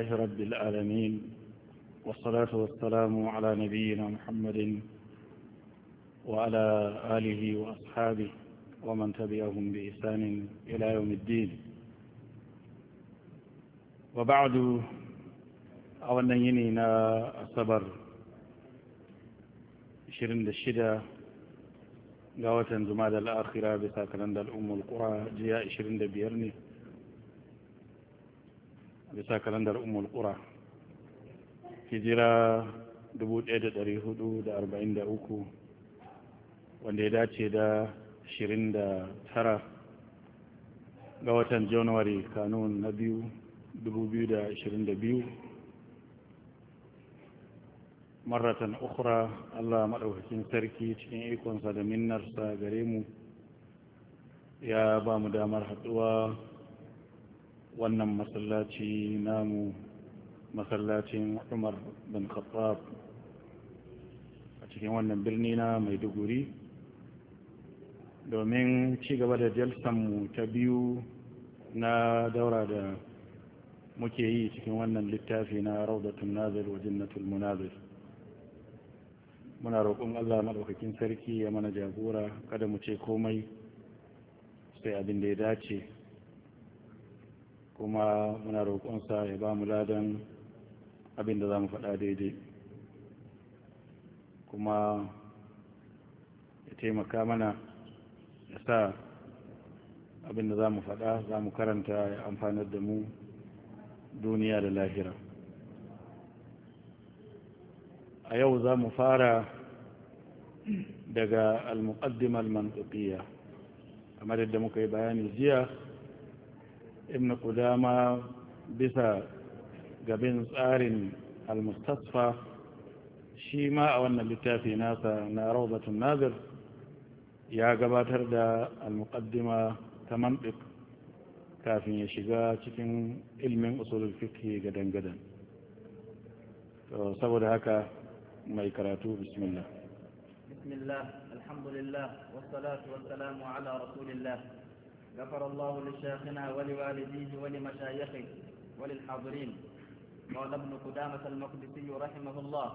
الله رب العالمين والصلاة والسلام على نبينا محمد وعلى آله وأصحابه ومن تبعهم بإحسان إلى يوم الدين وبعد أولا ينينا الصبر شرين الشدة قوة زماد الآخرة بساكلند الأم القرى جياء شرين بيرني bisa kalandar umar ƙura hijira 1443 wanda ya dace da 29 ga watan januwari kanun na biyu 2022 maratan ukura allah maɗaukakin sarki cikin ikonsa da minnarsa gare mu ya ba mu damar haɗuwa wannan masallaci namu masallacin umar bin khattab a cikin wannan birni na maiduguri domin ci gaba da jalsanmu ta biyu na daura da muke yi cikin wannan littafi na raudatun nazir wa jannatul munazir muna roƙon Allah maɗaukakin sarki ya mana jagora kada mu ce komai sai abin da ya dace kuma muna roƙonsa ya ba mu ladan abin da za mu faɗa daidai kuma ya taimaka mana ya sa abin da za mu faɗa za mu karanta ya amfanar da mu duniya da lahira a yau za mu fara daga al-muqaddimar mantuƙiya kamar yadda muka yi bayani jiya ibn kudama bisa gabin tsarin almustasfa shi ma a wannan littafi nasa na rawdatun nazir ya gabatar da almuqaddima ta mantik kafin ya shiga cikin ilmin usulul fiqh ga dangadan saboda haka mai karatu bismillah bismillah alhamdulillah wassalatu wassalamu ala rasulillah غفر الله لشيخنا ولوالديه ولمشايخه وللحاضرين قال ابن قدامة المقدسي رحمه الله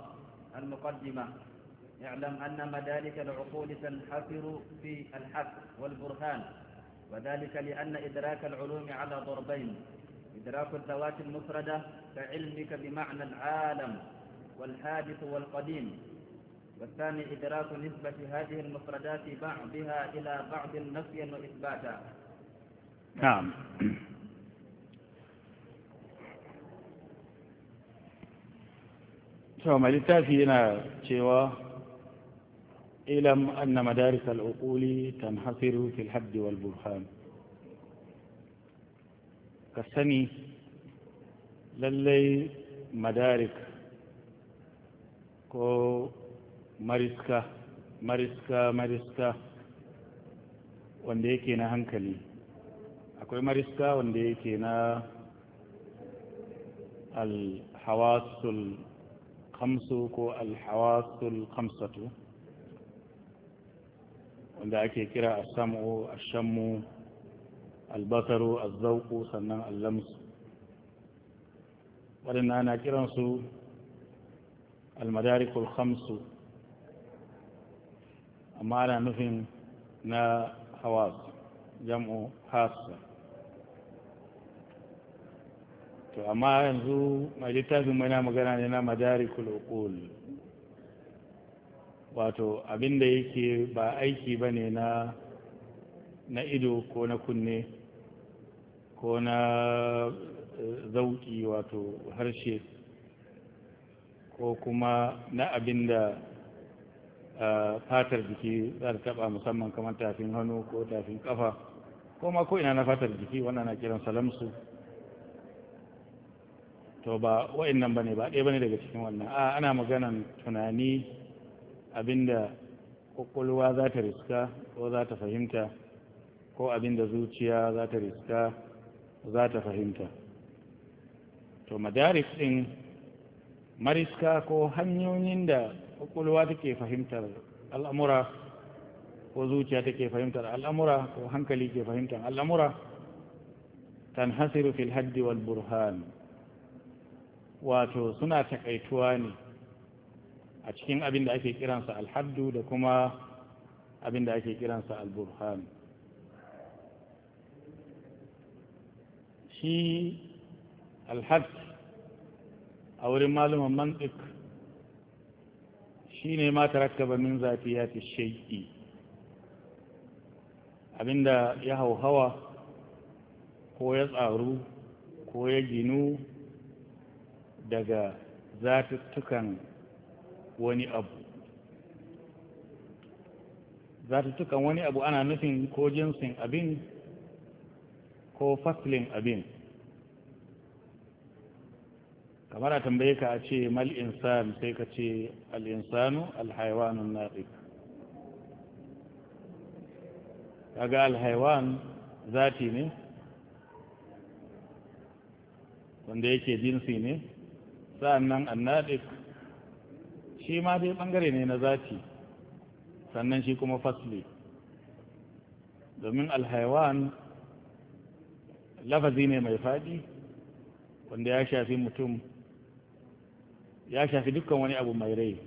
المقدمة اعلم أن مدارك العقول تنحصر في الحق والبرهان وذلك لأن إدراك العلوم على ضربين إدراك الذوات المفردة كعلمك بمعنى العالم والحادث والقديم والثاني إدراك نسبة هذه المفردات بعضها إلى بعض نفيا وإثباتا na'am to mai littafi yana cewa ilam anna madaris al'uquli tanhasiru fil haddi wal ka sani lallai madarik ko mariska mariska mariska wanda yake na hankali akwai mariska wanda yake na alhawasul kamsu ko alhawasul kamsatu wanda ake kira a samu a shammu albasaru a zauku sannan allamsu waɗanda ana kiransu almadarikul khamsu amma ana nufin na hawas jam'u hasa to amma yanzu mai littafin mai na magana ne na madari uqul wato abin da yake ba aiki ba ne na na ido ko na kunne ko na eh, zauki wato harshe ko kuma na abin da eh, fatar jiki za ta taba musamman kamar tafin hannu ko tafin kafa ko ma ko ina na fatar jiki wannan na kiran salamsu to ba wa'annan bane ba ɗaya bane daga cikin wannan a ana maganan tunani abinda kwakwalwa za ta riska ko za ta fahimta ko abinda zuciya za ta riska za ta fahimta to madaris ɗin mariska ko hanyoyin da kwakwalwa take fahimtar al'amura ko zuciya take fahimtar al'amura ko hankali ke fahimtar al'amura tanhasiru fil haddi wal burhan wato suna takaituwa ne a cikin abin da ake kiransa alhaddu da kuma abin da ake kiransa alburhan shi alhad a wurin malumin mantik shi ne ma tarattaba min zafi ya fi shaiki abinda ya hauhawa ko ya tsaru ko ya ginu daga zatuttukan wani abu zatuttukan wani abu ana nufin ko jinsin abin ko fasilin abin kamar a tambaye ka a ce mal insan sai ka ce al'insanu alhaiwanun naɗi kaga alhaiwan zati ne wanda yake jinsi ne sa'annan annadik shi ma dai bangare ne na zati sannan shi kuma fasli domin alhaiwan lafazi ne mai faɗi wanda ya shafi mutum ya shafi dukkan wani abu mai rai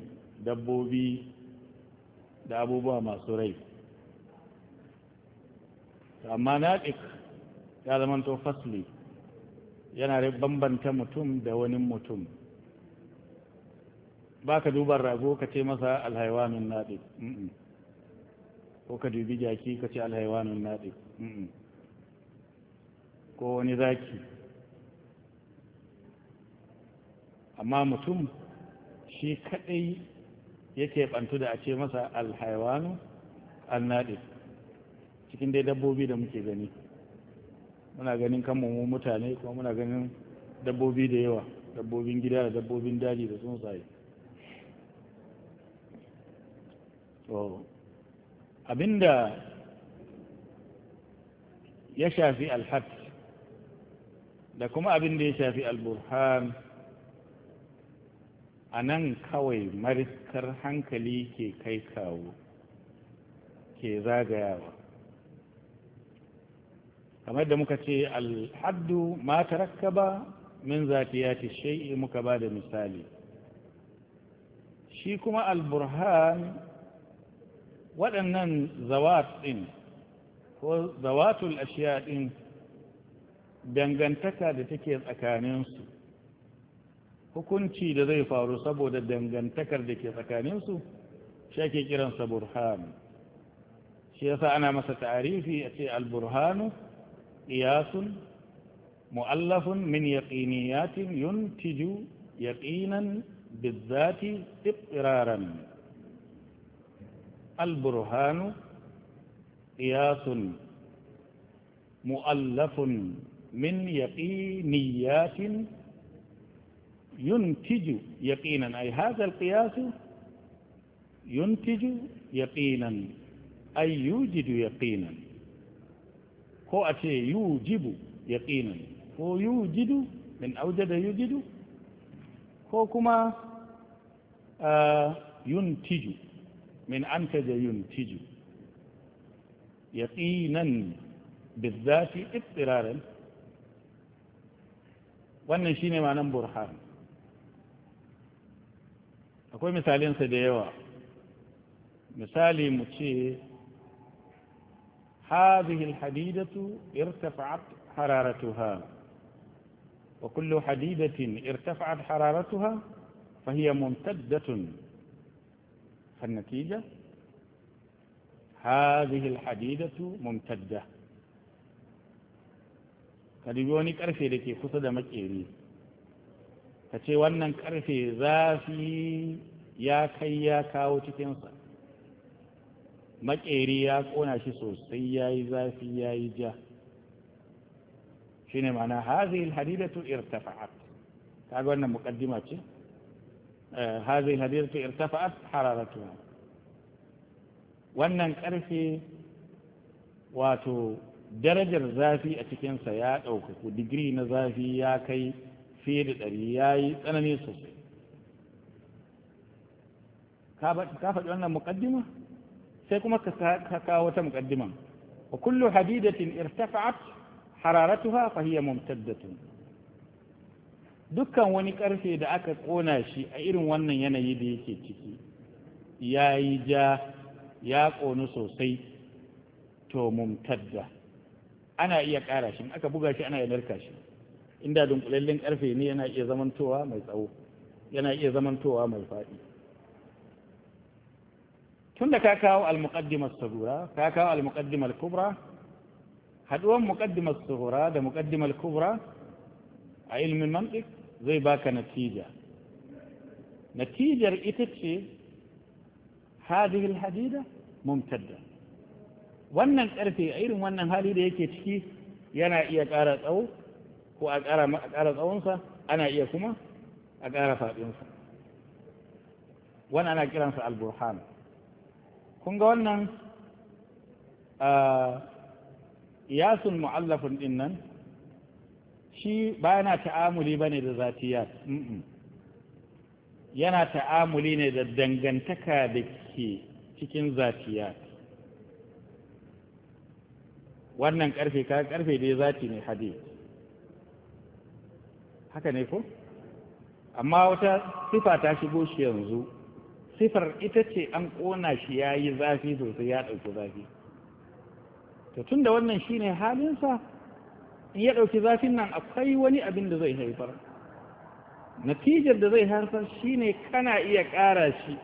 dabbobi da abubuwa masu rai amma naɗik ya zama fasli yana bambanta mutum da wani mutum ba ka duban rago ka ce masa alhaiwanin naɗi ko ka dubi jaki ka ce alhaiwanin naɗi ko wani zaki amma mutum shi kaɗai yake bantu da a ce masa alhaiwanu annaɗi cikin dai dabbobi da muke gani muna ganin kanmu mu mutane kuma muna ganin dabbobi da yawa dabbobin gida da dabbobin daji da tsuntsaye to abinda ya shafi alhat da kuma abinda ya shafi alburhan a nan kawai mariskar hankali ke kai kawo ke zagayawa kamar da muka ce alhaddu ma tarakkaba min zatiyati shai'i muka ba da misali shi kuma alburhan ولنن ذوات إن هو ذوات الأشياء إن دنغنتكا لتكيض أكانينسو حكنتي لذيفة رصبو دنغنتكا لتكيض أكانينسو شاكي كرنس برهان شيطة أنا مسا تعريفي أتي البرهان إياس مؤلف من يقينيات ينتج يقينا بالذات اقرارا البرهان قياس مؤلف من يقينيات ينتج يقينا أي هذا القياس ينتج يقينا أي يوجد يقينا هو أتي يوجب يقينا هو يوجد من أوجد يوجد هو كما آه ينتج من أنتج ينتج يقينا بالذات اضطرارا wannan shine ma'anar burhan akwai misalinsa da مثالي متشي هذه الحديدة ارتفعت حرارتها وكل حديدة ارتفعت حرارتها فهي ممتدة النتيجة هذه الحديدة ممتدة كاليوني كارفي لكي خصد مكيري كتي وانا كارفي ذافي يا كي يا كاو تكنصا مكيري يا كونا شي سيا ذافي يا جاه shine ma'ana هذه الحديدة ارتفعت kaga wannan muqaddima ce هذه الهديرة ارتفعت حرارتها wannan ƙarfe wato darajar zafi a cikinsa ya ɗaukaku digiri na zafi ya kai fiye da ɗari ya yi tsanani sosai ka faɗi wannan muƙaddima sai kuma ka kawo wata muƙaddima wa kullu hadidatin irtafa'at hararatuha fa hiya mumtaddatun dukkan wani ƙarfe da aka ƙona shi a irin wannan yanayi da yake ciki ya yi ja ya ƙonu sosai to mumtadda ana iya ƙara shi aka buga shi ana iya narka shi inda dunkulallen karfe ne yana iya zamantowa mai tsawo yana iya zamantowa mai faɗi tun da ka kawo al-muqaddimar sahura ka kawo al kubra haɗuwan muƙaddimar sahura da muƙaddimar kubra a ilimin mantik zai baka natija natijar ita ce هذه الحديدة ممتدة wannan ƙarfe a irin wannan hali da yake ciki yana iya ƙara tsawo ko a ƙara tsawonsa ana iya kuma a ƙara faɗinsa wani ana kiransa alburhan kun ga wannan iyasun mu'allafin ɗin nan shi ba yana ta'amuli ba ne da zatiyat yana ta'amuli ne da dangantaka da ke cikin zatiyat wannan karfe ka karfe dai zati ne hade? haka ne ko amma wata sifa ta shigo shi yanzu sifar ita ce an ƙona shi ya yi zafi sosai ya ɗauki zafi to tun da wannan shi shine halinsa in ya ɗauki zafin nan akwai wani abin da zai haifar natijar da zai haifar shine kana iya ƙara shi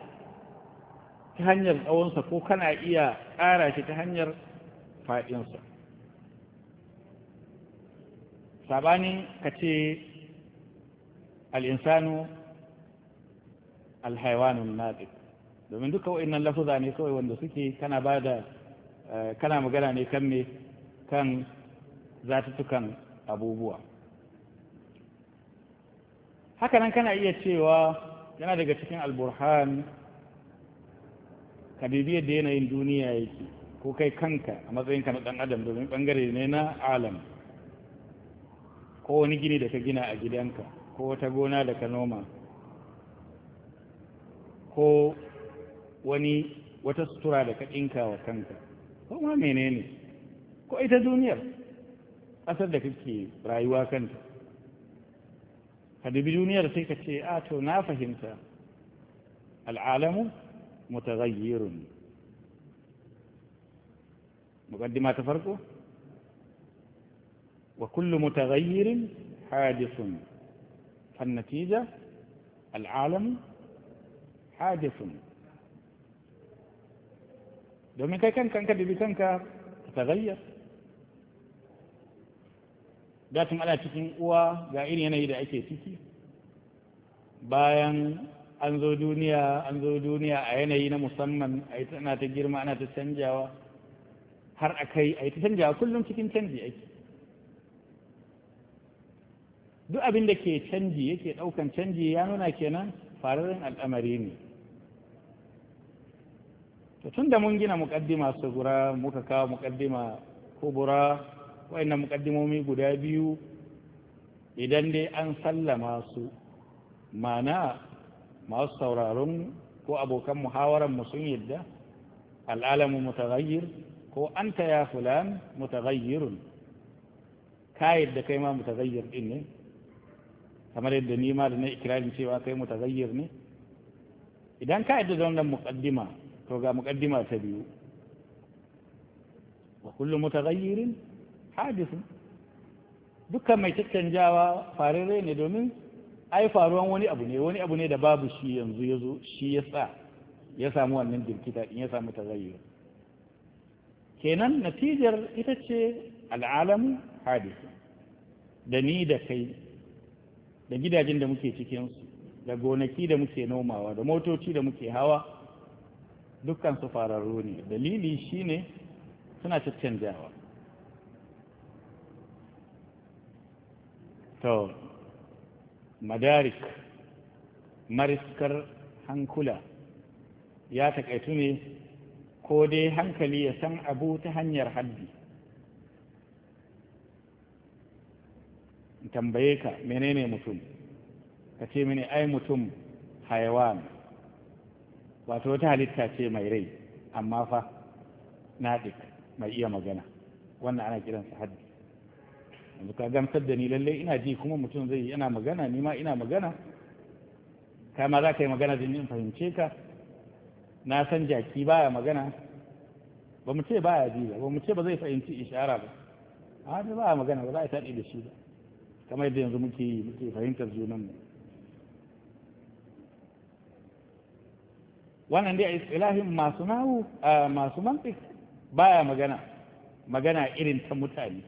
ta hanyar tsawonsa ko kana iya ƙara shi ta hanyar faɗinsa sabanin ka ce al'insanu alhaiwanun naɗi domin duka wa'innan lafuza ne kawai wanda suke kana ba eh, kana magana ne kan ne kan zatutukan abubuwa hakanan kana iya cewa yana daga cikin alburhan ka da yanayin duniya yake ko kai kanka a matsayinka na dan adam domin bangare ne na alam ko wani gini da ka gina a gidanka ko wata gona da ka noma ko wani wata sutura da ka ɗinka wa kanka ko ma menene ko ita duniyar ƙasar da kake rayuwa kanta ka dubi duniyar sai ka ce a to na fahimta al'alamu mutaghayyirun muqaddima ta farko wa kullu mutaghayyirin hadithun فالنتيجة العالم حادث domin kai kanka ka dubi kanka ka tagayyar datin ana cikin uwa ga irin yanayi da ake ciki bayan an zo duniya an zo duniya a yanayi na musamman a yi tana ta girma ana ta canjawa har a kai a yi ta canjawa kullum cikin canji ake duk abin da ke canji yake ɗaukan canji ya nuna kenan fararen al'amari ne tun da mun gina muƙaddima su gura muka kawo muƙaddima kubura wa'annan mukaddimomi guda biyu idan dai an sallama su mana masu sauraron ko abokan muhawaran mu sun yadda al'alamu mutagayyir ko an ta ya fulan mutagayyirun ka yadda kai ma mutagayyir din ne kamar yadda ni ma da na ikirarin cewa kai mutagayyir ne idan ka yadda zaunan mukaddima to ga mukaddima ta biyu wa kullu mutagayyirin hadisun dukkan mai caccanjawa fararre ne domin ai faruwan wani abu ne wani abu ne da babu shi yanzu ya zo shi ya sa ya samu wannan jirkita in ya samu tagayyar kenan natijar ita ce al'alamu hadisu da ni da kai da gidajen da muke cikinsu da gonaki da muke nomawa da motoci da muke hawa dukkan su fararru ne dalili shine suna caccanjawa to madarik mariskar hankula ya taƙaitu ne ko dai hankali ya san abu ta hanyar haddi tambaye ka menene mutum ka ce mini ai mutum haiwan wato wata halitta ce mai rai amma fa naɗik mai iya magana wannan ana kiransa haddi yanzu ka gamsar da ni lallai ina ji kuma mutum zai yana magana ni ma ina magana kai ma za ka yi magana da in fahimce ka na san jaki baya magana ba mu ce baya ji ba ba mu ce ba zai fahimci ishara ba a da baya magana ba za a taɗi da shi ba kamar yadda yanzu muke yi muke fahimtar mu wannan dai a istilahin masu nawu masu mantik baya magana magana irin ta mutane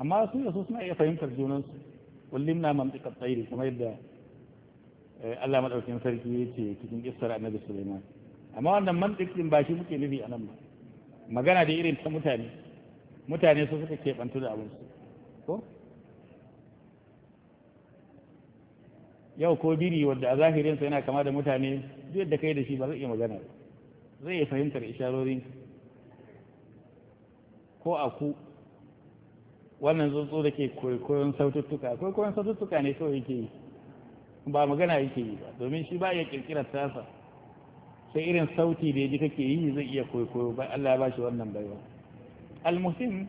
amma su da su suna iya fahimtar junansu kullum na mantiƙar tsairi kuma yadda eh, Allah maɗaukin sarki ya ce cikin ƙistar annabi Suleiman amma wannan mantiƙin ba shi muke nufi a nan ba magana da irin ta mutane mutane su suka keɓantu da abinsu ko yau ko biri wadda a zahirinsa yana kama da mutane duk yadda kai da shi ba zai iya magana ba zai iya fahimtar isharorin ko a ku wannan tsuntsu da ke kwaikwayon saututtuka kwaikwayon saututtuka ne kawai yake yi ba magana yake yi ba domin shi ba ya kirkira tasa sai irin sauti da ya ji kake yi zai iya kwaikwayo ba Allah ya ba shi wannan baiwa almuhim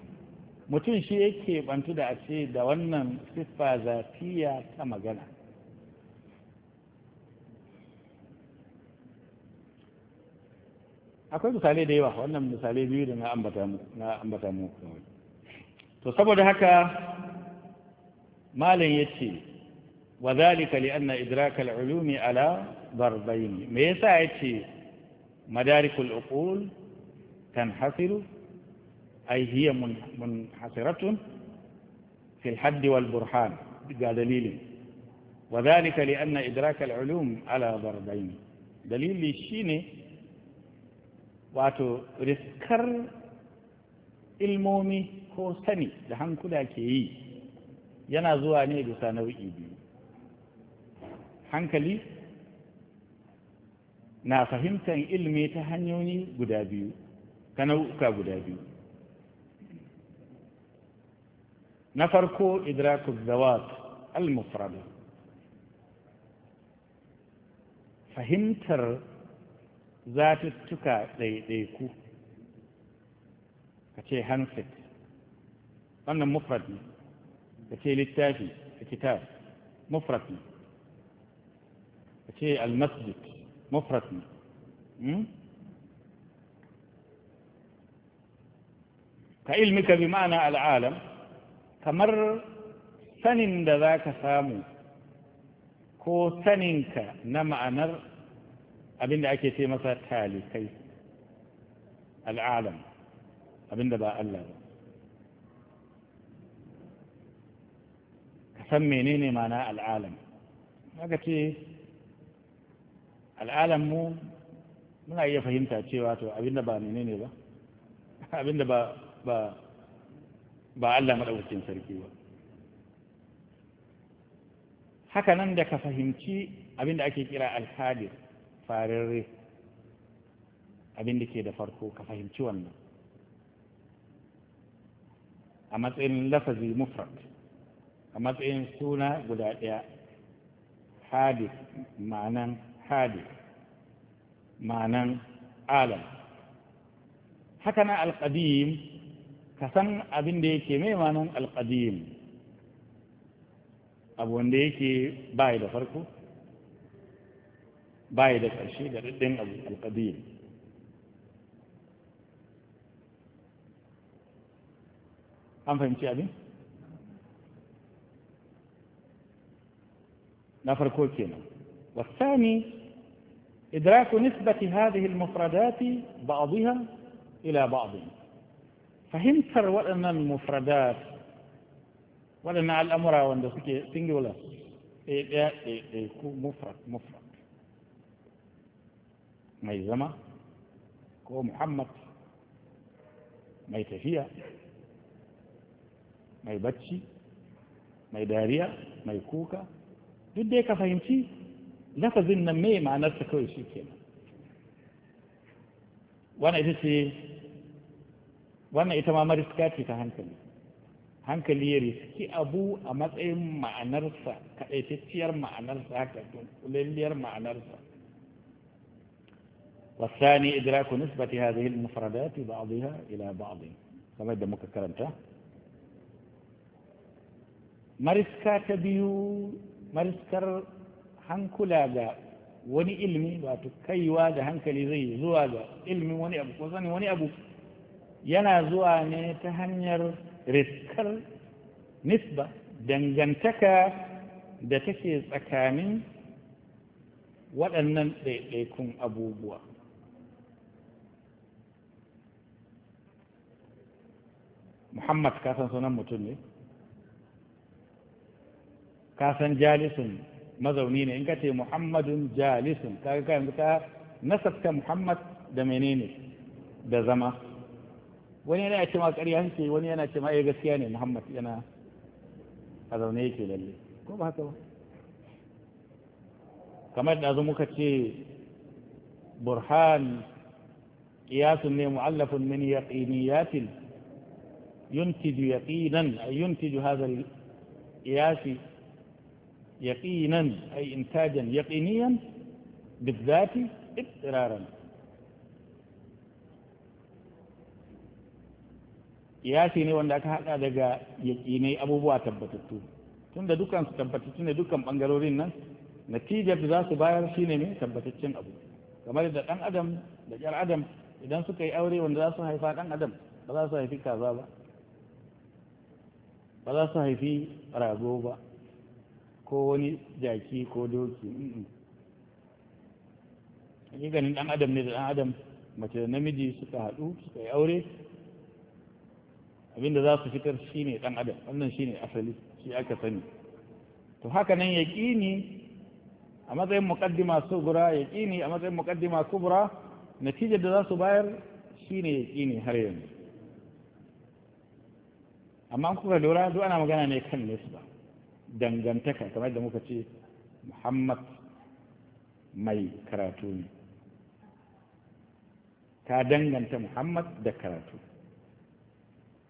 mutum shi yake bantu da a ce da wannan siffa zafiya ta magana akwai misalai da yawa wannan misalai biyu da na ambata mu to saboda haka malin yace ce wa zalika li anna idrakal ulumi ala darbayn me yasa yace madarikul uqul tanhasiru ay hiya munhasiratun في الحد والبرهان دليل وذلك لأن إدراك ulum ala darbayn dalili shine wato riskar المومي ko sani da hankula ke yi yana zuwa ne bisa nau'i biyu hankali na fahimtar ilmi ta hanyoyi guda biyu ta nau'uka guda biyu na farko idrakul zawat al-mufrada fahimtar zatuttuka ɗaiɗaiku ka ce handset ظن مفرد فشيء للتافي الكتاب مفرد فشيء المسجد مفرد كعلمك بمعنى العالم كمر سنن ذاك سامو كو سننك نمع نر أبن أكيتي مثلا تالي كيف العالم أبن دبا الله san menene mana al'alam haka ce al'alam mu muna iya fahimta cewa to abinda ba menene ba abinda ba ba ba Allah madaukakin sarki ba haka nan da ka fahimci abinda ake kira alhadir fararre abinda ke da farko ka fahimci wannan a matsayin lafazi mufrad a matsayin suna guda ɗaya hadis ma'anan hadis ma'anan alam haka na alƙadim ka san abin da yake mai ma'anan alƙadim abu wanda yake bayi da farko bayi da ƙarshe da ɗaɗɗin abu alƙadim an fahimci abin? نخرج كوكينا والثاني إدراك نسبة هذه المفردات بعضها إلى بعض فهمت ولنا المفردات ولنا الأمر سنجولا إيه، إيه، إيه، مفرد مفرد ما يزمع كو محمد ما يتفيا ما يبتشي ما يداريا ما يكوكا duk dai ka fahimci lafazin nan mai ma'anarsa kawai shi kenan wannan ita ce wannan ita ma mariska ce ta hankali hankali ya riski abu a matsayin ma'anarsa kaɗaitacciyar ma'anarsa haka kulalliyar ma'anarsa والثاني إدراك نسبة هذه المفردات بعضها إلى بعض كما يبدأ مكرمته مرسكا تبيو marskar hankula ga wani ilmi wato kaiwa da hankali zai zuwa ga ilmin wani abu ko sanin wani abu yana zuwa ne ta hanyar riskar nisba dangantaka da take tsakanin waɗannan ɗaiɗaikun abubuwa muhammad kasan sunan mutum ne ka san jalisun mazauni ne in ka ce muhammadun jalisun ka ga yanzu ka nasabta muhammad da menene da zama wani yana ce ma ƙarya hanke wani yana ce ma ai gaskiya ne muhammad yana a zaune yake lalle ko ba haka ba kamar da zo muka ce burhan qiyasun ne mu'allafun min yaqiniyatin ينتج يقينا أي ينتج هذا القياس يقينا أي إنتاجا يقينيا بالذات اضطرارا kiyasi ne wanda aka hada daga yakinai abubuwa tabbatattu tunda dukkan su tabbatattu ne dukkan bangarorin nan natijar da za su bayar shine ne tabbataccen abu kamar da dan adam da yar adam idan suka yi aure wanda za su haifa dan adam ba za su haifi kaza ba ba za su haifi rago ba ko wani jaki ko doki ganin dan adam ne da dan adam mace da namiji suka haɗu suka yi aure abinda za su fitar shine dan adam wannan shine asali shi aka sani to haka nan yaqini a matsayin muqaddima sugura yaqini a matsayin muqaddima kubra natijar da za su bayar shine yaqini har yanzu amma kuka lura duk ana magana ne kan ba dangantaka kamar yadda muka ce muhammad mai karatu ne ka danganta muhammad da karatu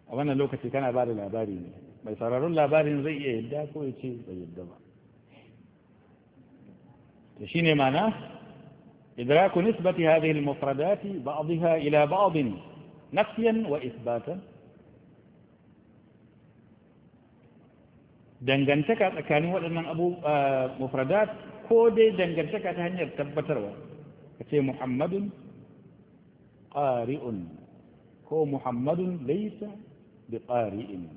a wannan lokaci kana ba da labari ne mai sararin labarin zai iya yadda ko ya ce bai yadda ba to ne mana idraku nisbati hadhihi al-mufradat ila ba'd nafyan wa ithbatan dangantaka tsakanin waɗannan abu mufradat ko dai dangantaka ta hanyar tabbatarwa ka ce muhammadun ƙari'un ko muhammadun laisa bi ƙari'in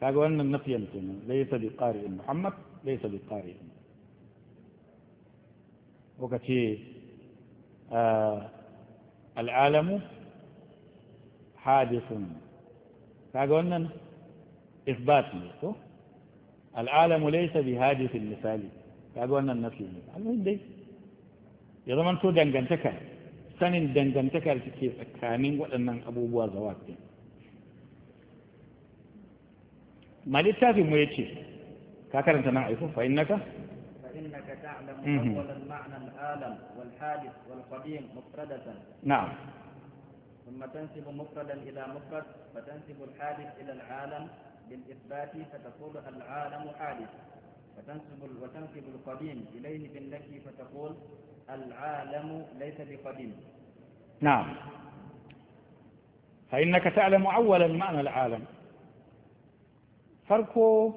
kaga wannan nafiyan kenan laisa bi ƙari'in muhammad laisa bi ƙari'in ko ka ce al'alamu hadisun kaga wannan isbat ne ko العالم ليس بهادف المثال قالوا أن النفي المثال ما يدي إذا من سو دنجان تكا سن دنجان تكا لتكير أكامين وأنن أبو بوا زوات ما ليس في ميتي كاكر أنت نعرفه فإنك فإنك تعلم أولا معنى العالم والحادث والقديم مفردة نعم ثم تنسب مفردا إلى مفرد فتنسب الحادث إلى العالم بالإثبات فتقول العالم حادث وتنسب وتنسب القديم إليه بالنفي فتقول العالم ليس بقديم نعم فإنك تعلم أولا معنى العالم فرقه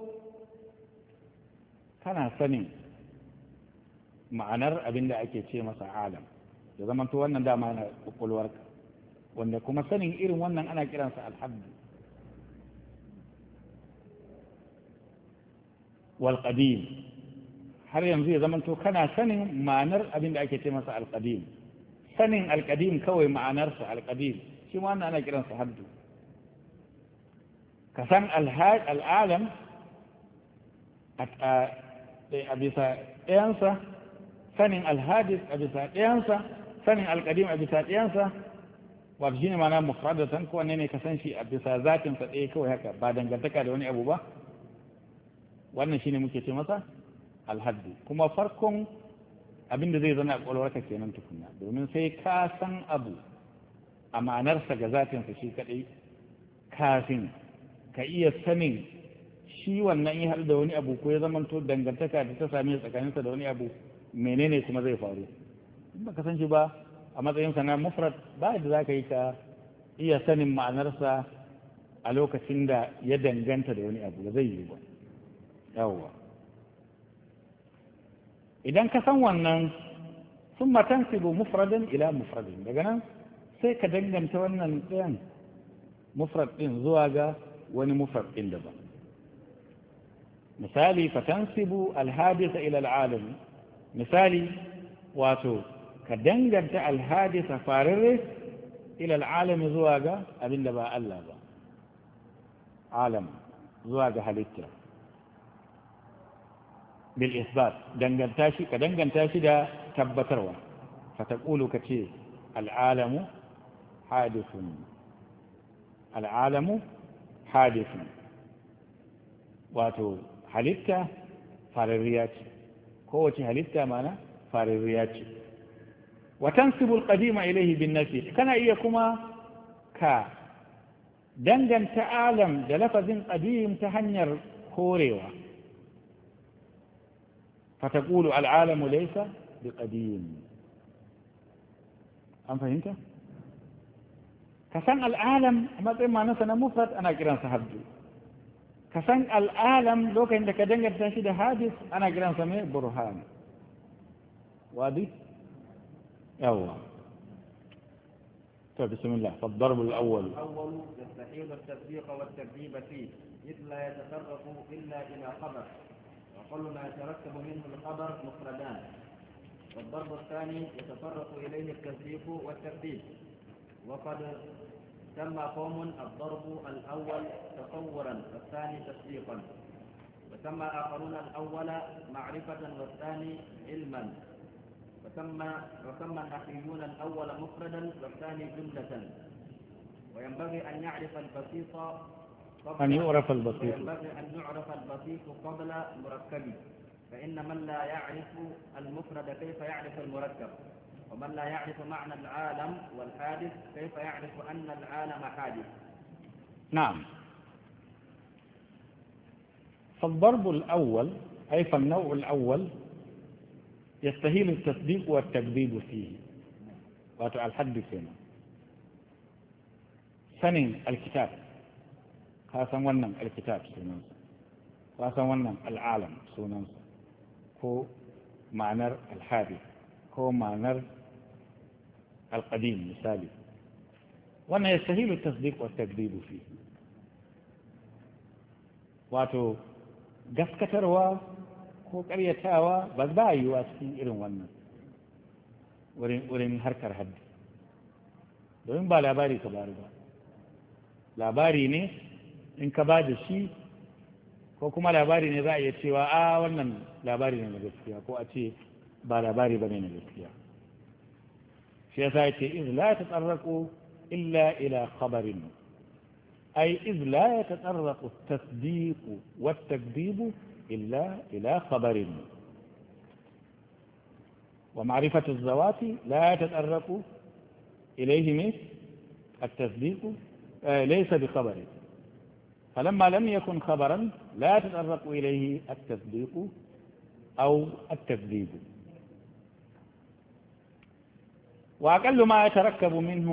كان سني معنى أبن لا أكيد عالم إذا ما أنت وأنا دائما أقول ورقة. وأنكم مثلا إيرم وأنا أنا كلا سأل حبي والقديم هر ينزي زمن تو كنا سنين ما نر أبين دعك تمسع القديم سنين القديم كوي ما نرسع القديم شو أنا أنا كرا سحبدو كسن الهاج العالم أت أبيسا إنسا سنين الهادث أبيسا إنسا سنين القديم أبيسا إنسا وابجيني معناه مفردة كو أنني كسنشي أبيسا ذات فتأيكو هكا بعد أن قلتك أدواني أبو بكر wannan shine muke ce masa alhadu kuma farkon abin da zai zana ke kenan tukunna domin sai ka san abu a ma'anarsa ga zafinsa shi kaɗai kafin ka iya sanin shi wannan ya haɗu da wani abu ko ya zamanto dangantaka da ta same tsakaninsa da wani abu menene kuma zai faru in baka san shi ba a matsayinsa na mufrad ba da za ka yi ka iya sanin ma'anarsa a lokacin da ya danganta da wani abu da zai yi ba yawwa idan ka san wannan sun matansibu mufradin ila mufradin daga nan sai ka danganta wannan ɗayan mufrad ɗin zuwa ga wani mufrad ɗin daban misali fatansibu alhadisa ila al'alim misali wato ka danganta alhadisa fararre ila al'alami zuwa ga abin da ba Allah ba alam zuwa ga halitta bil isbat danganta shi ka danganta shi da tabbatarwa fa taqulu ka ce al'alamu hadithun al'alamu hadithun wato halitta fararriya ce kowace halitta mana fararriya ce wa tansibu al-qadima ilayhi bin nafi kana iya kuma ka danganta alam da lafazin qadim ta hanyar korewa فتقول العالم ليس بقديم أم فهمت؟ كسان العالم ما زي ما نسى مفرد أنا كران سهبدو كسان العالم لو كان لك دنجر تشيد حادث أنا كران سمي برهان وادي يا طيب بسم الله فالضرب الأول الأول يستحيل التصديق والتكذيب فيه إذ لا يتطرق إلا إلى خبر وكل ما يترتب منه الخبر مفردان والضرب الثاني يتطرق إليه التصديق والتكذيب وقد سمى قوم الضرب الأول تصورا والثاني تصديقا وسمى آخرون الأول معرفة والثاني علما وسمى وسمى النحويون الأول مفردا والثاني جملة وينبغي أن يعرف البسيط أن يعرف البسيط أن يعرف البسيط قبل مركبه فإن من لا يعرف المفرد كيف يعرف المركب ومن لا يعرف معنى العالم والحادث كيف يعرف أن العالم حادث نعم فالضرب الأول أي فالنوع الأول يستهيل التصديق والتكذيب فيه واتو الحد فينا ثاني الكتاب ka san wannan alkitab sunansa ka san wannan al'alam sunansa ko ma'anar alhadi ko ma'anar alqadim misali wannan yastahilu tasdiq wa takdibu fi wato gaskatarwa ko ƙaryatawa ba za a yiwuwa cikin irin wannan wurin harkar haddi domin ba labari ka bari ba labari ne in ka ba da shi ko kuma labari ne za a iya cewa a wannan labari ne na gaskiya ko a ce ba labari ba ne na gaskiya shi ya sa ce iz la ta tsarraku illa ila khabarin ai iz la ya ta tsarraku tasdiku wa tagdibu illa ila khabarin wa ma'rifatu zawati la ya ta tsarraku ilaihi ne التصديق ليس بخبره فلما لم يكن خبرا لا يتطرق إليه التصديق أو التكذيب وأقل ما يتركب منه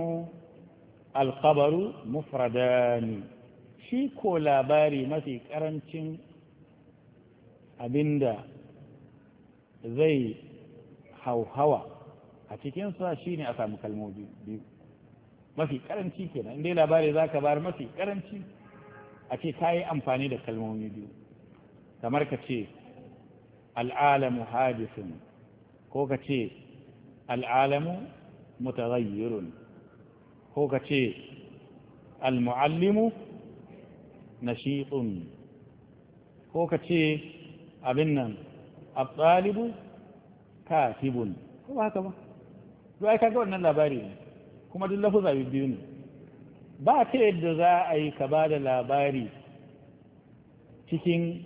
الخبر مفردان shi ko labari mafi ƙaranci abinda zai hauhawa a cikinsa shine a samu kalmomi biyu mafi karanci kenan inda labari za ka bar mafi ƙaranci. a ce yi amfani da kalmomi biyu kamar ka ce al'alamu hadisun ko ka ce al'alamu mutaghayyirun ko ka ce al-mu'allimu nashiqun ko ka ce abin nan al-talibu katibun ko haka ba duk ai kaga wannan labari ne kuma duk lafuza biyu ne ba ta yadda za a yi ka ba da labari cikin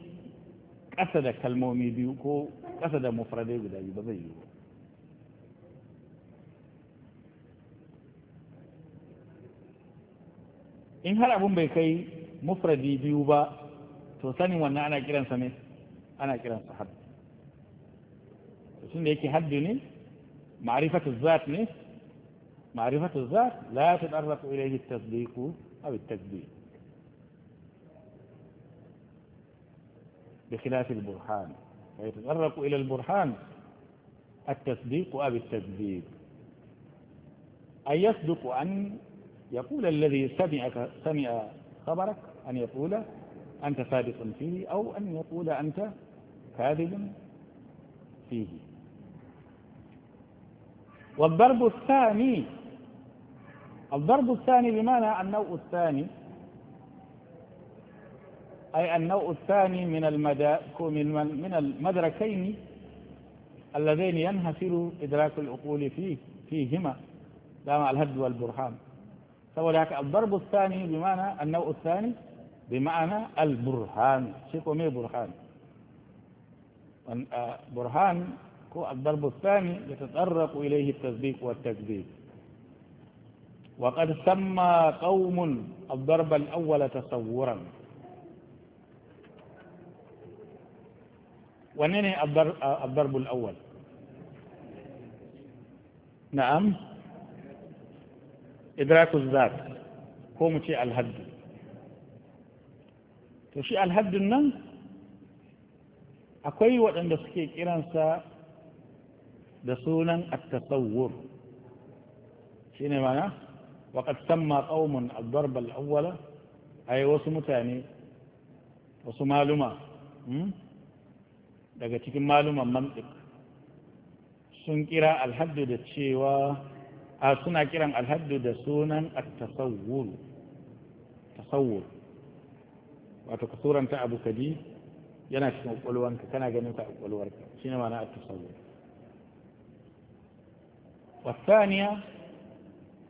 ƙasa da kalmomi biyu ko ƙasa da mufradai guda biyu ba zai yi in har abin bai kai mufradi biyu ba to sanin wannan ana kiransa ne ana kiransa haddu tun da yake haddu ne ma'arifatu zat ne معرفة الذات لا يتطرق إليه التصديق أو التكذيب بخلاف البرهان فيتطرق إلى البرهان التصديق أو التكذيب أن يصدق أن يقول الذي سمعك سمع خبرك أن يقول أنت صادق فيه أو أن يقول أنت كاذب فيه والضرب الثاني الضرب الثاني بمعنى النوع الثاني أي النوع الثاني من المدى من المدركين اللذين ينهسر إدراك العقول فيه فيهما لا مع الهد والبرهان فولك الضرب الثاني بمعنى النوع الثاني بمعنى البرهان شيكو مي برهان آه، برهان الضرب الثاني يتطرق إليه التصديق والتكذيب وقد سمى قوم الضرب الأول تصورا ونين الضرب الأول نعم إدراك الذات قوم شيء الهد تشيء الهد النم أكوي وأن دسكي إرانسا دسونا التصور شنو معناه وقد سمى قوم ai wasu mutane, wasu maluma, daga cikin maluman mantik sun kira alhaddu da cewa a suna kiran alhaddu da sunan at-tasawwur tasawwur wato ka suranta abu kadi yana cikin kwakwalwanka kana ganin ka a kwakwalwarka shine ma'ana at-tasawwur والثانية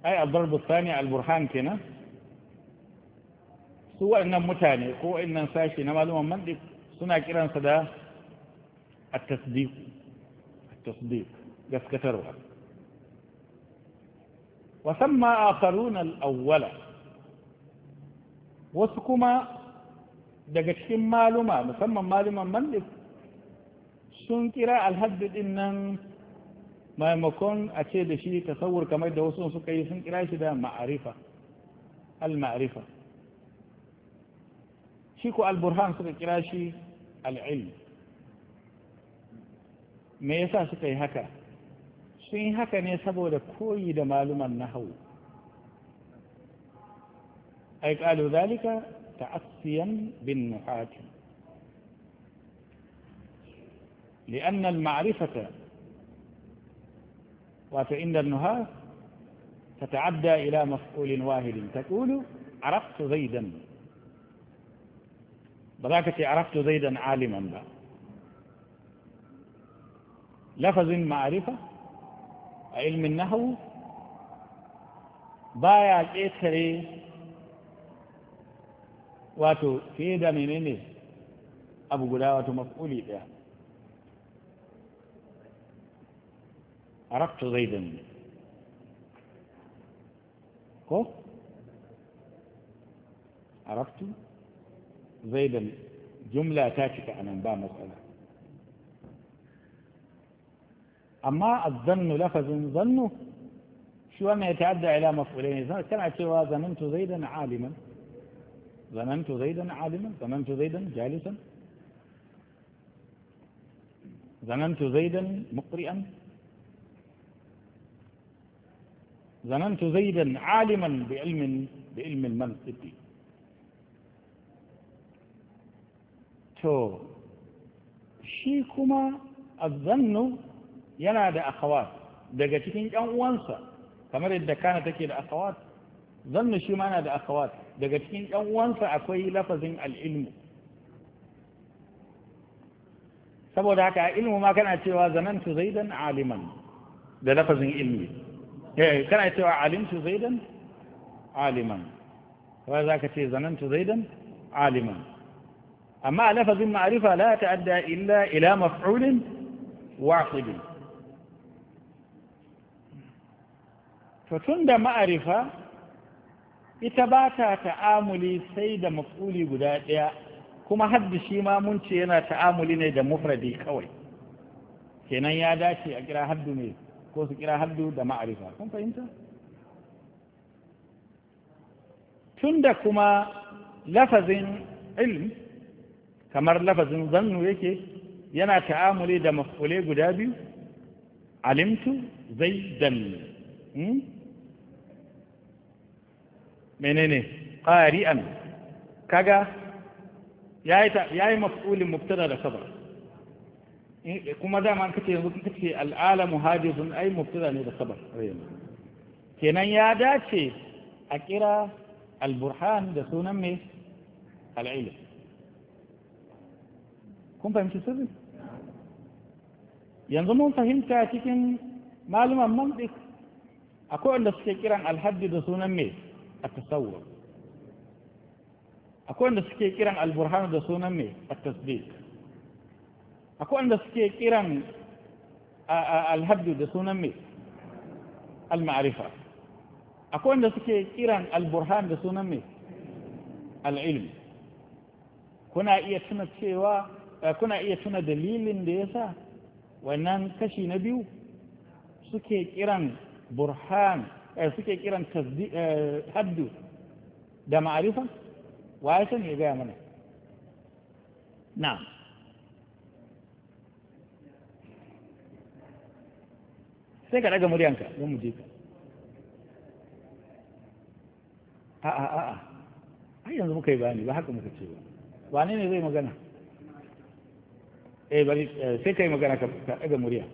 أي الضرب الثاني على البرهان كنا سوى إن متاني قو إن ساشي نمالو من مندك سنة كنا صدا التصديق التصديق جس كتروها وثم آخرون الأول وثكما دقشكم مالوما مثم مالوما مندك سنكرا الهدد إنن maimakon a ce da shi tasawur kamar da wasu suka yi sun kira shi da ma'arifa al-ma'arifa shi ko al-burhan suka kira shi al-ilm me yasa suka yi haka sun yi haka ne saboda koyi da maluman nahawu ay qalu zalika ta'assiyan bin nuhati لأن المعرفة وتئن النهاة تتعدى إلى مفعول واحد تقول عرفت زيدا بذاك عرفت زيدا عالما با لفظ معرفة علم النحو بايا ƙetare واتو fiye da menene ابو guda مفعولي بها عرفت زيدا كو عرفت زيدا جملة تاتك عن انباء مسألة أما الظن لفظ ظن شو أن يتعدى إلى مفعولين كما سوى ظننت زيدا عالما ظننت زيدا عالما ظننت زيدا جالسا ظننت زيدا مقرئا ظننت زيدا عالما بعلم بعلم المنطق to shi kuma azzannu yana da akhawat daga cikin ƴan uwansa kamar yadda kana take da akhawat zannu shi ma yana da akhawat daga cikin ƴan uwansa akwai lafazin al'ilmu saboda haka ilmu ma kana cewa zanantu zaidan aliman da lafazin ilmi eh kana cewa alimtu zaidan aliman wai zaka ce zanantu zaidan aliman amma lafazin ma'arifa la ta'adda illa ila maf'ulin wahid to tunda ma'arifa ita ba ta ta'amuli sai da maf'uli guda ɗaya kuma haddi shi ma mun ce yana ta'amuli ne da mufradi kawai kenan ya dace a kira haddu mai. ko su kira haddu da ma'arifa kun fahimta tunda kuma lafazin ilm kamar lafazin zannu yake yana ta'amuli da maf'ule guda biyu alimtu zaidan hmm? menene ƙari'an kaga ya yi maf'ulin mubtada da sabar Eh, kuma dama kace yanzu kace al'alamu hadithun ai mubtada ne da khabar kenan ya dace a kira al-burhan da sunan me al-ilm kun fahimci sirri yanzu mun fahimta cikin maluman mantiq akwai wanda suke kiran al da sunan me at-tasawwur akwai wanda suke kiran al-burhan da sunan me at-tasdiq akwai wanda suke kiran alhaddu da sunan mai al-ma'arifa akwai wanda suke kiran al-burhan da sunan mai al-ilmi kuna iya tuna cewa kuna iya tuna dalilin da ya sa wannan kashi na biyu suke kiran burhan eh, suke kiran eh, haddu da ma'arifa wa ya sani ya gaya mana na'am sai ka daga muryanka don mu je ka a a a a ai yanzu muka yi bayani ba haka muka ce ba ba ne zai magana eh bari eh, sai ka yi magana ka daga murya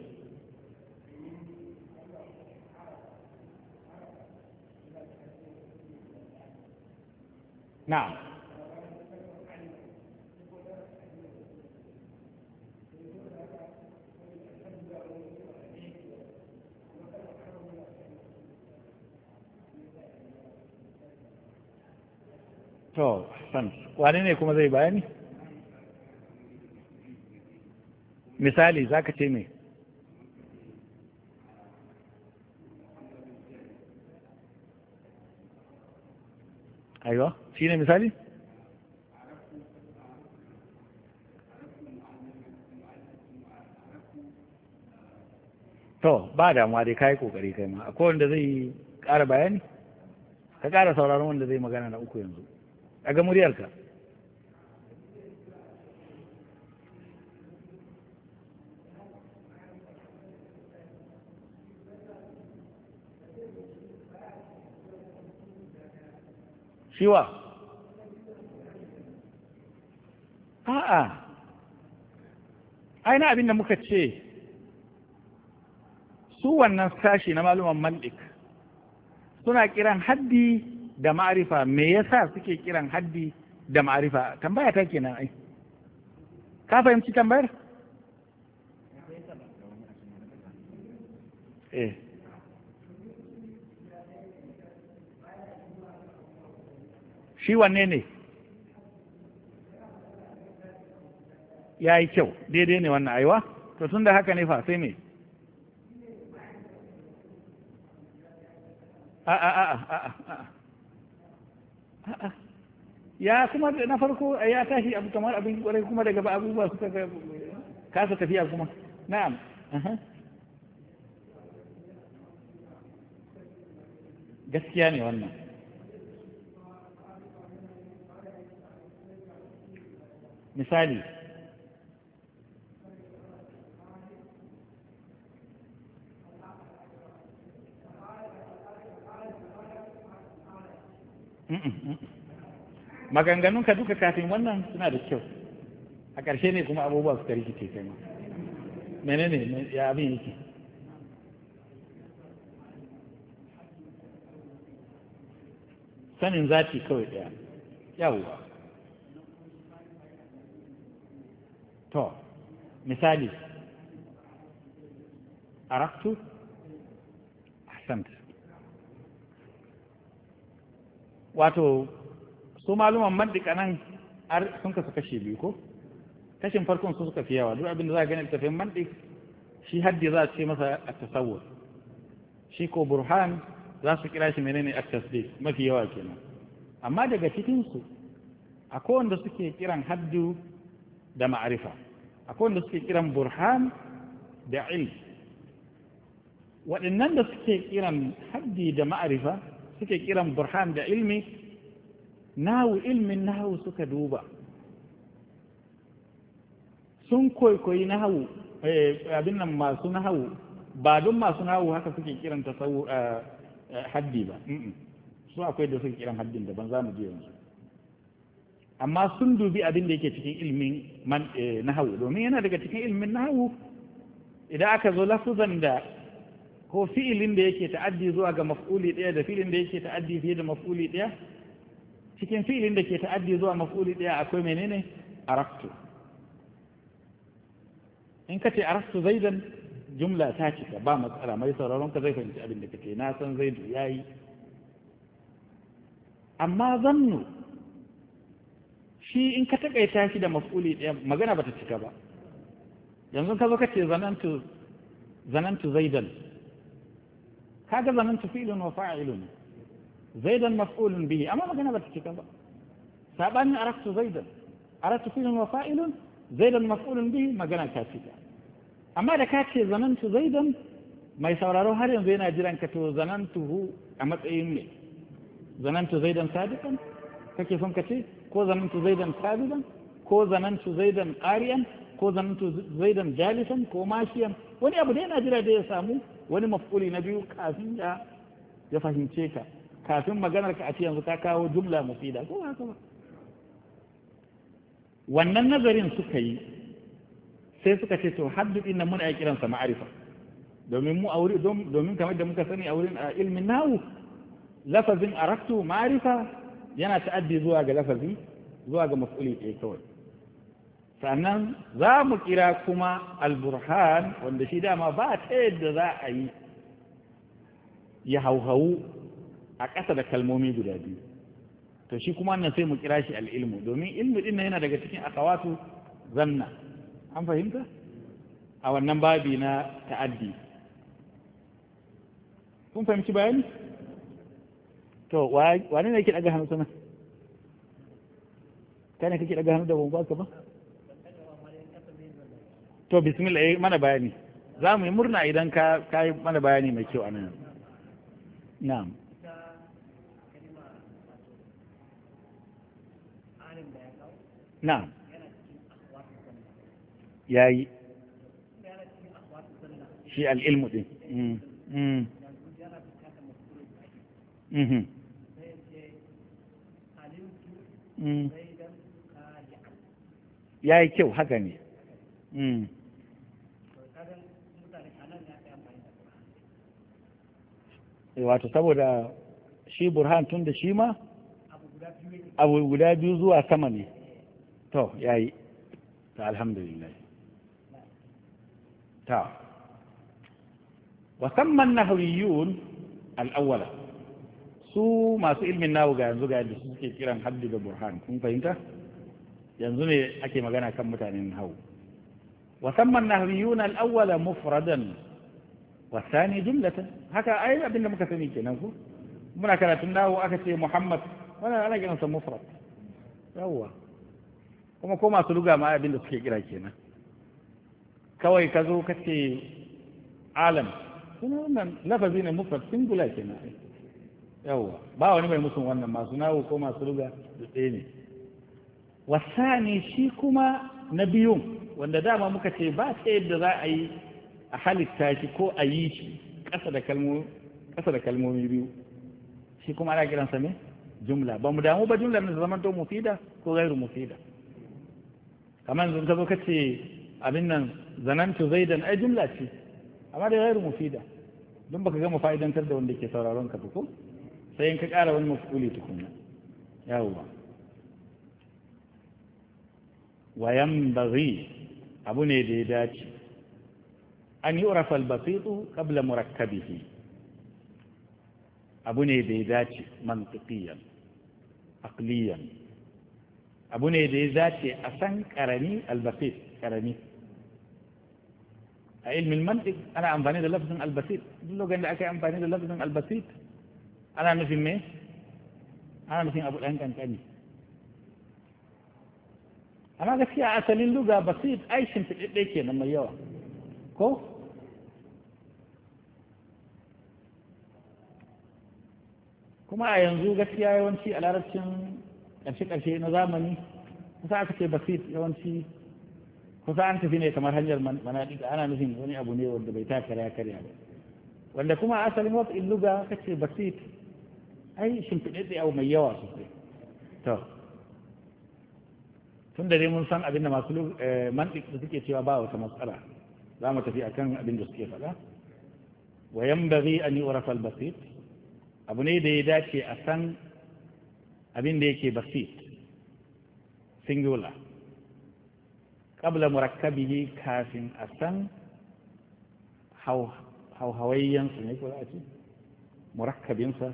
na'am to san wane ne kuma zai bayani misali za ka ce me aiwa shi ne misali to ba damuwa dai kayi kokari kai ma akwai wanda zai ƙara bayani ka ƙara sauraron wanda zai magana na uku yanzu a ga muryarka shiwa a'a aina abin da muka ce su wannan sashi na maluman malik suna kiran haddi da ma'arifa me yasa suke kiran haddi da ma'arifa tambaya ta kenan ai ka fahimci tambayar eh shi wanne ne ya yi kyau daidai ne wannan aiwa to tun da haka ne fa sai me a'a a'a a'a a'a ya kuma na farko ya tashi abu kamar abin kwarai kuma daga ba abubuwa suka kasa tafiya kuma na'am gaskiya ne wannan misali ka duka kafin wannan suna da kyau a ƙarshe ne kuma abubuwa tarihi rikice kai ma menene ya abin yake sanin zati kawai ɗaya yawuwa to misali a ahsanta wato su maluman maddika nan sun kasu kashe biyu ko kashin farkon su suka fi yawa duk abin da za a gani tafiyan mandik shi haddi za a ce masa a tasawur shi ko burhan za su kira shi menene a tasdik mafi yawa kenan amma daga su akwai wanda suke kiran haddu da ma'arifa akwai wanda suke kiran burhan da ilm waɗannan da suke kiran haddi da ma'arifa suke kiran burhan da ilmi nahu ilmin nahu suka duba sun kwaikwayi nahu eh, abin nan masu nahu ba don masu nahu haka suke kiran tasawu eh, eh, haddi ba su akwai da suke kiran haddin daban za mu je yanzu amma sun dubi abin da yake cikin ilmin nahawu domin yana daga cikin ilmin nahawu idan aka zo lafuzan da ko fi'ilin da yake ta'addi zuwa ga maf'uli ɗaya da fi'ilin da yake ta'addi fiye da maf'uli ɗaya cikin fi'ilin da ke ta'addi zuwa maf'uli ɗaya akwai menene araftu in ka ce araftu zaidan jumla ta cika ba matsala mai sauraron ka zai fahimci abin da kake na san zaidu yayi amma zannu shi in ka takaita shi da maf'uli ɗaya magana bata cika ba yanzu ka zo ka ce zanantu zanantu zaidan kaga zaman tufilun wa fa'ilun zaidan maf'ulun bihi amma magana ba ta cika ba sabanin araktu zaidan araktu filun wa fa'ilun zaidan maf'ulun bihi magana ta cika amma da ka ce zanantu zaidan mai sauraro har yanzu yana jiran ka to zanantuhu a matsayin ne zanantu zaidan sadiqan kake son ka ce ko zanantu ko zanantu zaidan ko zanto zaidan jalisan ko mashiyan wani abu da yana jira da ya samu wani maf'uli na biyu kafin ya ya fahimce ka kafin maganar ka a ce yanzu ta kawo jumla mufida ko haka ba wannan nazarin suka yi sai suka ce to haddu inna muna ya kiransa ma'arifa domin mu auri domin kamar da muka sani a wurin ilmin na'u, lafazin araktu ma'arifa yana ta'addi zuwa ga lafazi zuwa ga maf'uli ɗaya kawai sannan za mu kira kuma alburhan wanda shi dama ba ta yadda za a yi ya hauhawu a ƙasa da kalmomi guda biyu to shi kuma wannan sai mu kira shi al'ilmu domin ilmu ɗin yana daga cikin akawatu zanna an fahimta a wannan babi na ta'addi kun fahimci bayani to wani ne ke ɗaga hannu sana kai ne kake ɗaga hannu da ba ka ba to bismillah ya eh, mana bayani za mu yi murna idan ka yi mana bayani mai kyau anan na'am na'am yayi shi al'ilmu ɗin. Mm, mm. mm-hmm. mm. Ya yi kyau haka ne mm wato saboda shi burhan tun da shi ma abu guda biyu zuwa sama ne to ya yayi ta alhamdulillah ta وثم النهويون al'awwala su masu ilmin nawo ga yanzu ga yadda suke kiran haddi da burhan kun fahimta yanzu ne ake magana kan mutanen hau wa samman nahwiyuna al'awwala awwala mufradan wasani jumlatan haka ai abin da muka sani kenan ko muna karatun dawo aka ce Muhammad wannan ana kiransa mufrad yawwa kuma ko masu luga ma abin suke kira kenan kawai ka zo ka ce alam kuma wannan lafazi kenan yawwa ba wani mai musun wannan masu nawo ko masu luga ne wasani shi kuma na biyun wanda dama muka ce ba yadda za a yi a halitta shi ko a yi shi ƙasa da kalmomi biyu shi kuma ana kiransa ne jumla ba mu damu ba jumla ne zama to mufida ko gairu mufida kamar yanzu ka zo ka ce abin nan zanantu zaidan ai jumla ce amma da gairu mufida don baka gama fa'idantar da wanda ke sauraron ka ko sai in ka ƙara wani mafuli tukunna yawwa wa yanbaghi abu ne da ya dace أن يعرف البسيط قبل مركبه أبني ذات منطقيا أقليا أبني ذات أسن كرني البسيط كرني علم المنطق أنا عم بني لفظ البسيط لو قال لك عم بني لفظ البسيط أنا مثل مين أنا مثل أبو الأنك أنت أني أنا قلت يا أسن اللغة بسيط أي شيء في الإبليكي لما يوم كوف kuma a yanzu gaskiya yawanci a larabcin ƙarshe-ƙarshe na zamani kusa aka ce basit yawanci kusa an tafi ne kamar hanyar manaɗiƙa ana nufin wani abu ne wanda bai taka ya karya ba wanda kuma asalin wasu in luga ka ce basit ai shimfiɗe tsaye abu mai yawa sosai to tun da mun san abin da masu mantik da suke cewa ba wata matsala za mu tafi akan abin da suke faɗa wa bari an yu'rafa al-basit abu ne da ya dace a san abin da yake basit singular ƙabla murakkabihi kafin a san hauhawayyansa ne ko ce murakkabinsa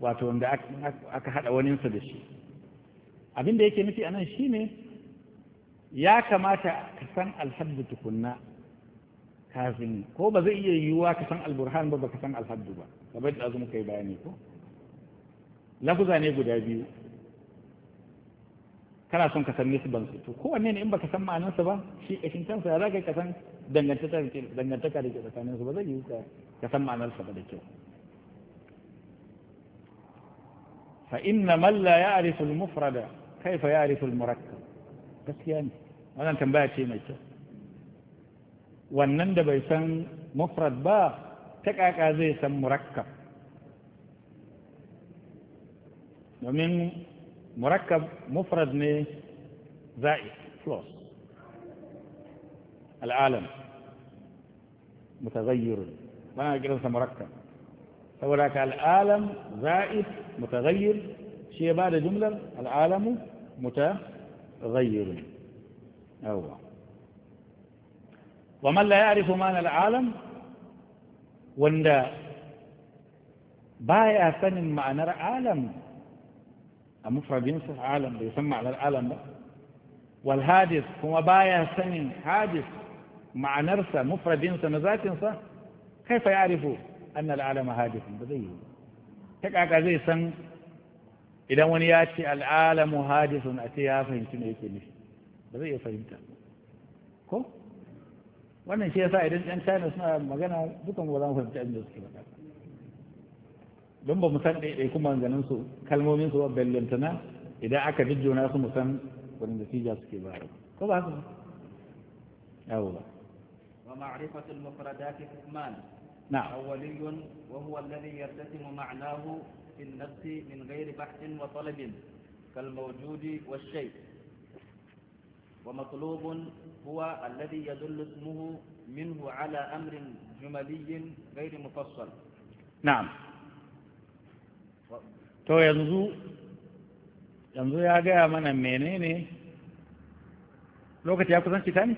wato wanda aka haɗa waninsa da shi abin da yake nufi a nan shi ne ya kamata ka san alhaddu tukunna kafin ko ba zai iya yiwuwa ka san alburhan ba ka san alhaddu ba kamar da azu muka yi bayani ko lafuza ne guda biyu kana son ka san nisban su to kowanne ne in baka san ma'anarsa ba shi kashin kansa ya zaka ka san dangantaka da ke tsakanin su ba zai yiwu ka san ma'anarsa ba da kyau fa inna man la ya'rifu al-mufrada kaifa ya'rifu al-murakkab gaskiya ne wannan tambaya ce mai kyau wannan da bai san mufrad ba ta kaka zai san murakkab domin murakkab mufrad ne za'i plus al'alam mutaghayyir bana kiransa murakkab saboda ka al'alam za'id mutaghayyir shi ya bada jumlar al'alamu mutaghayyir yawwa ومن لا يعرف معنى العالم وندا بايا فن معنى العالم المفرد ينصف عالم يسمى على العالم ده والحادث هو بايا فن حادث معنى رسا مفرد ينصف ذات كيف يعرف أن العالم حادث بديه كيف زي سن إذا من يأتي العالم حادث اتيا فهمتني كيف بديه فهمتني كيف wannan shi yasa idan ɗan china suna magana dukan ba za mu fahimci abin da suke magana don ba mu san ɗaya ɗaya kuma ganin su kalmomin su ba bellantana idan aka jijjona su mu san wani da natija suke ba ko ba haka yawo ba ومعرفة المفردات قسمان نعم أولي وهو الذي يرتسم معناه في النفس من غير بحث وطلب كالموجود والشيء ومطلوب هو الذي يدل اسمه منه على أمر جملي غير مفصل نعم to yanzu ya gaya mana menene lokaci ya kusan cika ne?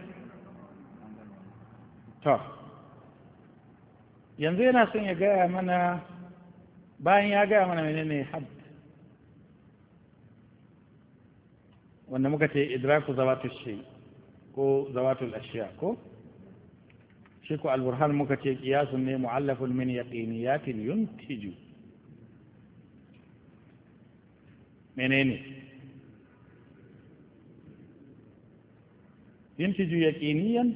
to yanzu yana son ya gaya mana bayan ya gaya mana menene hadd wanda muka ce idraku zawatul shay ko zawatul ashiya ko shi ko al-burhan muka ce qiyasun ne mu'allafun min yaqiniyatin yuntiju menene yuntiju yaqiniyan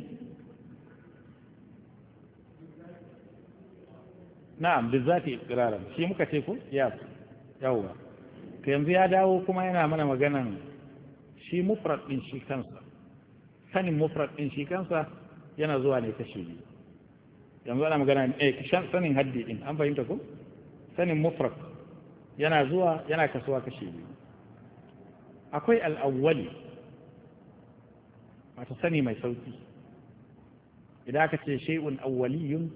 na'am bizati iqraran shi muka ce ko qiyas yawa to yanzu ya dawo kuma yana mana maganan shi mufrad shi kansa sanin mufrad ɗin shi kansa yana zuwa ne kashi biyu yanzu ana magana eh sanin haddi ɗin an fahimta ku sanin mufrad yana zuwa yana kasuwa kashi biyu akwai al'awwali wato sani mai sauki idan aka ce shay'un awwaliyun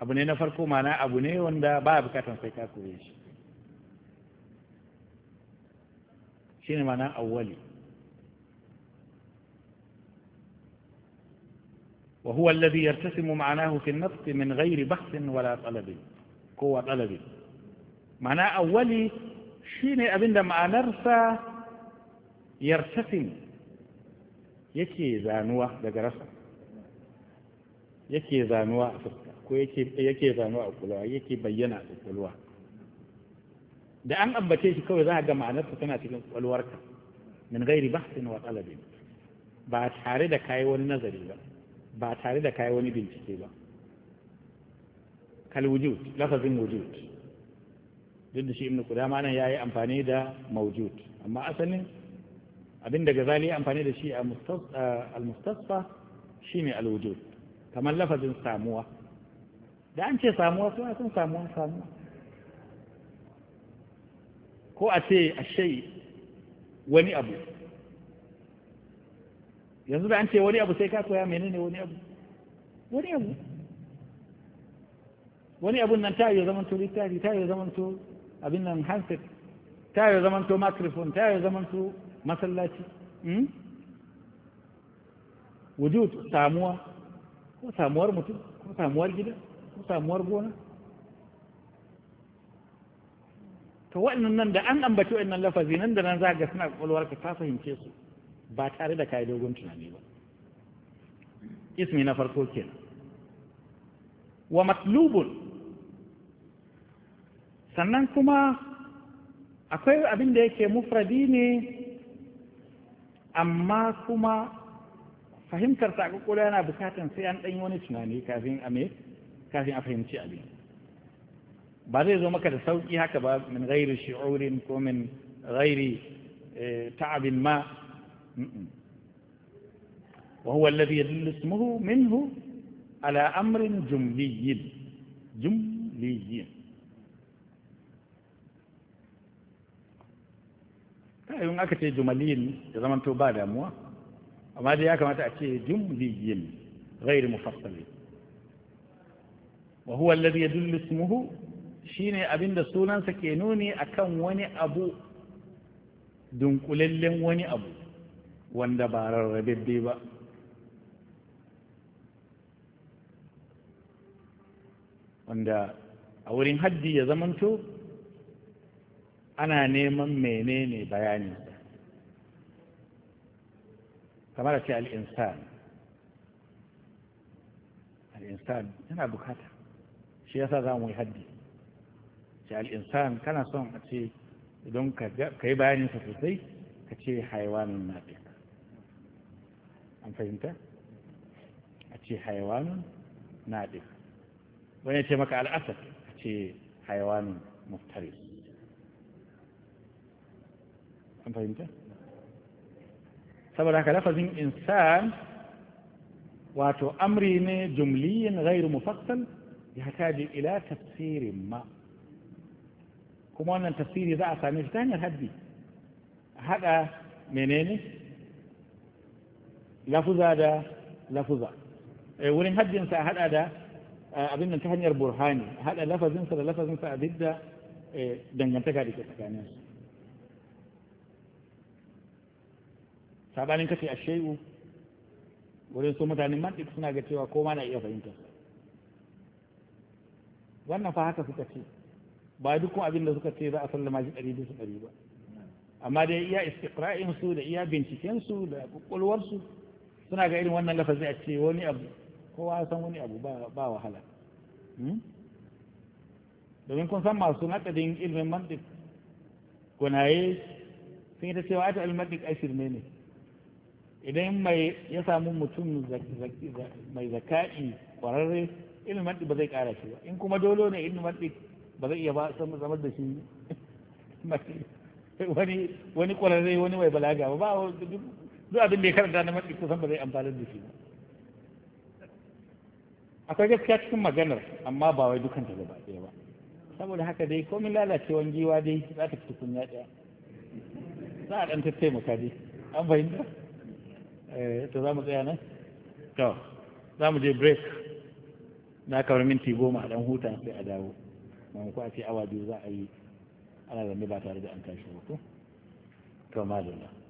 abu ne na farko mana abu ne wanda ba bukatan sai ka koye shi shine ma'ana awwali وهو الذي يرتسم معناه في النفس من غير بحث ولا طلب قوة طلب معنى أولي شين أبن لما نرسى يرتسم يكي ذانوة لقرسة يكي ذانوة يكي يكي ذانوة أقولها يكي بينا أقولها da an ambace shi kawai za a ga ma'anar ta tana cikin kwalwarka min gairi bahsin wa talabin ba ba tare da kayi wani bincike ba kal wujud lafazin wujud duk da shi ibn kudama nan yayi amfani da mawjud amma asalin abin da gazali amfani da shi a al-mustasfa shine al-wujud kamar lafazin samuwa da an ce samuwa sun samuwa samuwa ko a ce a shai wani abu yanzu da an ce wani abu sai ka koya menene wani abu wani abu wani abun nan ta yi zaman to littafi ta yi zaman to abin nan handset ta yi zaman to microphone ta yi zaman to masallaci hmm? wujud samuwa ko samuwar mutum ko samuwar gida ko samuwar gona to waɗannan nan da an ambaci waɗannan lafazi nan da nan za ga suna ƙwaƙwalwarka ta fahimce su ba tare da kayi dogon tunani ba ismi na farko kenan wa matlubun sannan kuma akwai abin da yake mufradi ne amma kuma fahimtar sakakula yana bukatar sai an ɗanyi wani tunani kafin a kafin a fahimci abin ba zai zo maka da sauƙi haka ba min gairi shi'urin ko min gairi eh, ta'abin ma وهو الذي يدل اسمه منه على أمر جملي جملي in aka ce jumaliyin ya zama to ba damuwa amma dai ya kamata a ce jumliyin غير مفصل وهو الذي يدل اسمه shine abin da sunansa ke nuni akan wani abu dunkulallen wani abu wanda ba rarrabe ba wanda a wurin haddi ya zamanto ana neman menene bayani kamar ce al'insan al'insan yana bukata shi yasa za mu yi haddi ce al'insan kana son a ce idan ka yi sa sosai ka ce haiwanin nafi أم فهمت أتي حيوان نادف ويأتي مك على أسد أتي حيوان مفترس أم فهمت saboda haka lafazin إنسان wato amri غير مفصل يحتاج إلى تفسير ما كمان أن التفسير إذا أصلا نفتان هذا منين lafuza da lafuza eh, wurin haddinsa a haɗa da eh, abin nan ta hanyar burhani a haɗa lafazinsa da lafazinsa a didda eh, dangantaka da ke tsakanin su sabanin kace a shai'u wurin su mutanen mantik suna ga cewa koma na iya fahimta wannan fa haka suka ce ba dukkan abin da suka ce za a sallama ji ɗari bisa ɗari ba amma dai iya istiqra'in su da iya binciken su da ƙwaƙwalwar su kuna ga irin wannan lafazin a ce wani abu kowa san wani abu ba wahala hmm? domin kun san masu nakadin ilmin mantik gunaye sun yi ta cewa ta almantik a shirme ne idan mai ya samu mutum mai zakaɗi ƙwararre ilmin mantik ba zai ƙara shi ba in kuma dole ne ilmin mantik ba zai iya ba zama da shi wani ƙwararre wani mai balaga ba ba duk abin da ya karanta na matsi kusan ba zai amfana da shi ba akwai gaskiya cikin maganar amma ba wai dukan ta gaba ɗaya ba saboda haka dai komin lalacewan giwa dai za ta fita kunya ɗaya za a ɗan tattaimaka dai an fahimta eh, to za mu tsaya nan to za mu je break na kamar minti goma a ɗan huta sai a dawo maimako a ce awa biyu za a yi ana zanne ba tare da an tashi ba ko to madalla